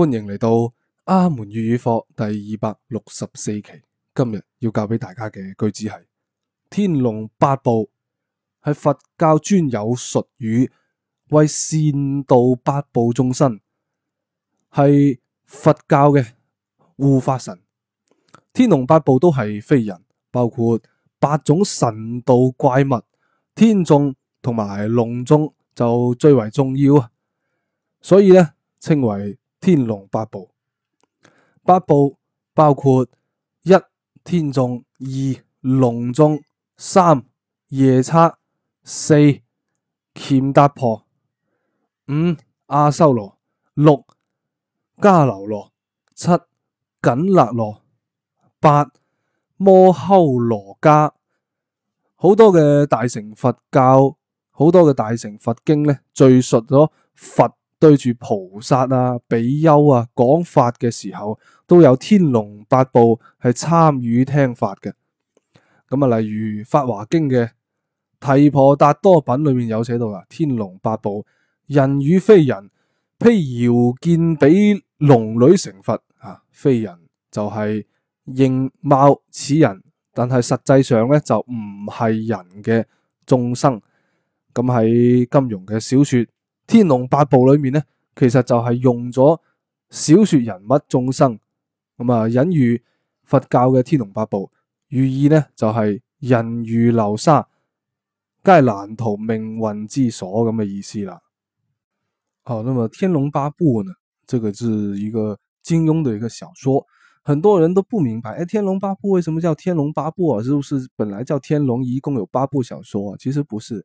歡迎嚟到阿門粵語課第二百六十四期。今日要教俾大家嘅句子係：天龍八部係佛教專有術語，為善道八部眾生，係佛教嘅護法神。天龍八部都係非人，包括八種神道怪物，天眾同埋龍眾就最為重要，所以呢，稱為，天龍八部，八部包括一天眾、二龍眾、三夜叉、四乾達婆、五阿修羅、六迦樓羅、七緊那羅、八摩睺羅伽，好多嘅大乘佛教，好多嘅大乘佛經咧，敘述咗佛。對住菩薩啊、比丘啊講法嘅時候，都有天龍八部係參與聽法嘅。咁啊，例如《法華經》嘅《提婆達多品》裏面有寫到啊，天龍八部人與非人披遙見比龍女成佛啊，非人就係形貌似人，但係實際上咧就唔係人嘅眾生。咁喺金庸嘅小說。天龍八部裏面咧，其實就係用咗小說人物眾生，咁啊隱喻佛教嘅天龍八部，寓意呢，就係、是、人如流沙，皆係難逃命運之鎖，咁嘅意思啦。哦，那麼天龍八部呢？這個是一個金庸的一個小說，很多人都不明白，誒、哎，天龍八部為什麼叫天龍八部啊？是、就、不是本來叫天龍？一共有八部小說，啊？其實不是。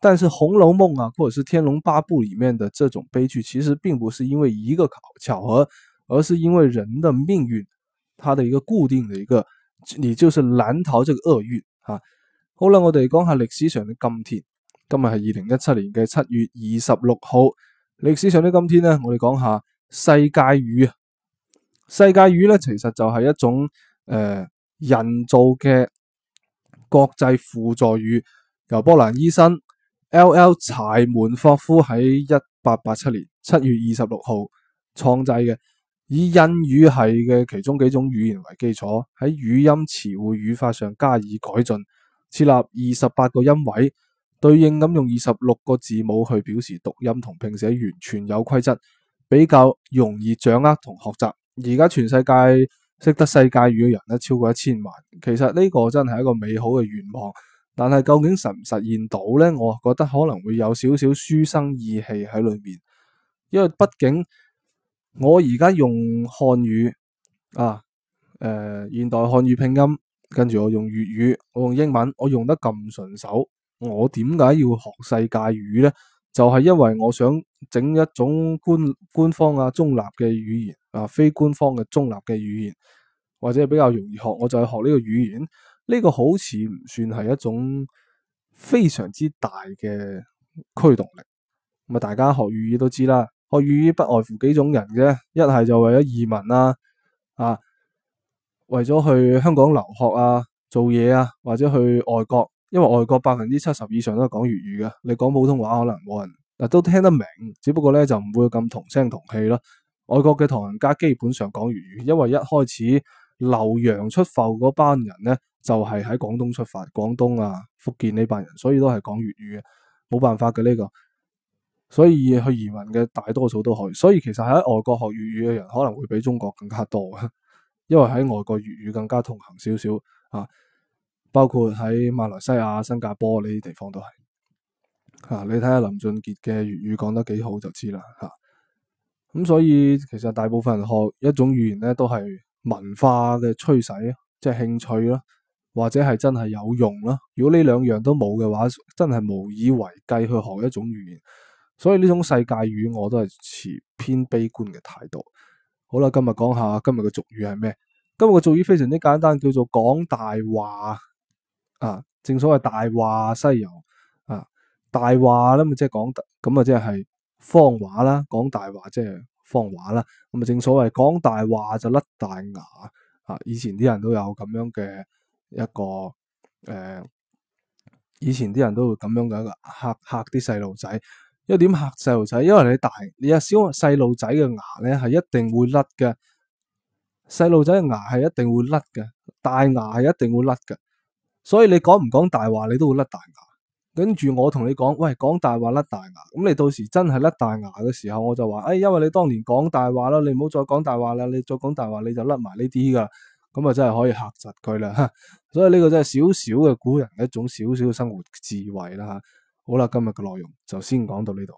但是《紅樓夢》啊，或者是《天龍八部》裏面的這種悲劇，其實並不是因為一個巧巧合，而是因為人的命運，它的一個固定的一個，你就是難逃這個厄運啊。好啦，我哋講下歷史上嘅今天。今日係二零一七年嘅七月二十六號。歷史上的今天呢，我哋講下世界語。世界語呢，其實就係一種誒、呃、人造嘅國際輔助語，由波蘭醫生。LL 柴門霍夫喺一八八七年七月二十六號創製嘅，以印語系嘅其中幾種語言為基礎，喺語音、詞彙、語法上加以改進，設立二十八個音位，對應咁用二十六個字母去表示讀音同拼寫，完全有規則，比較容易掌握同學習。而家全世界識得世界語嘅人咧超過一千萬，其實呢個真係一個美好嘅願望。但係究竟實唔實現到呢？我覺得可能會有少少書生意氣喺裏面，因為畢竟我而家用漢語啊，誒、呃、現代漢語拼音，跟住我用粵語，我用英文，我用得咁順手，我點解要學世界語呢？就係、是、因為我想整一種官官方啊中立嘅語言啊，非官方嘅中立嘅語言，或者比較容易學，我就去學呢個語言。呢個好似唔算係一種非常之大嘅驅動力。咁啊，大家學粵語都知啦，學粵語不外乎幾種人啫，一係就為咗移民啦、啊，啊，為咗去香港留學啊、做嘢啊，或者去外國，因為外國百分之七十以上都係講粵語嘅，你講普通話可能冇人但都聽得明，只不過咧就唔會咁同聲同氣咯。外國嘅唐人街基本上講粵語，因為一開始留洋出埠嗰班人咧。就係喺廣東出發，廣東啊、福建呢班人，所以都係講粵語嘅，冇辦法嘅呢個。所以去移民嘅大多數都可以，所以其實喺外國學粵語嘅人可能會比中國更加多嘅，因為喺外國粵語更加通行少少啊。包括喺馬來西亞、新加坡呢啲地方都係啊。你睇下林俊傑嘅粵語講得幾好就知啦嚇。咁、啊、所以其實大部分人學一種語言咧，都係文化嘅趨勢，即係興趣咯。或者係真係有用啦。如果呢兩樣都冇嘅話，真係無以為繼去學一種語言。所以呢種世界語我都係持偏悲觀嘅態度。好啦，今日講下今日嘅俗語係咩？今日嘅俗語非常之簡單，叫做講大話啊。正所謂大話西遊啊，大話啦，咪即係講咁啊，即係謊話啦。講大話即係謊話啦。咁啊，正所謂講大話就甩大牙啊。以前啲人都有咁樣嘅。一個誒、呃，以前啲人都會咁樣嘅一個吓吓啲細路仔，因為點吓細路仔，因為你大你一少細路仔嘅牙咧係一定會甩嘅，細路仔嘅牙係一定會甩嘅，大牙係一定會甩嘅，所以你講唔講大話你都會甩大牙。跟住我同你講，喂，講大話甩大牙，咁你到時真係甩大牙嘅時候，我就話誒、哎，因為你當年講大話啦，你唔好再講大話啦，你再講大話你就甩埋呢啲噶。咁啊，真係可以吓窒佢啦， 所以呢個真係少少嘅古人一種少少嘅生活智慧啦吓。 好啦，今日嘅內容就先講到呢度。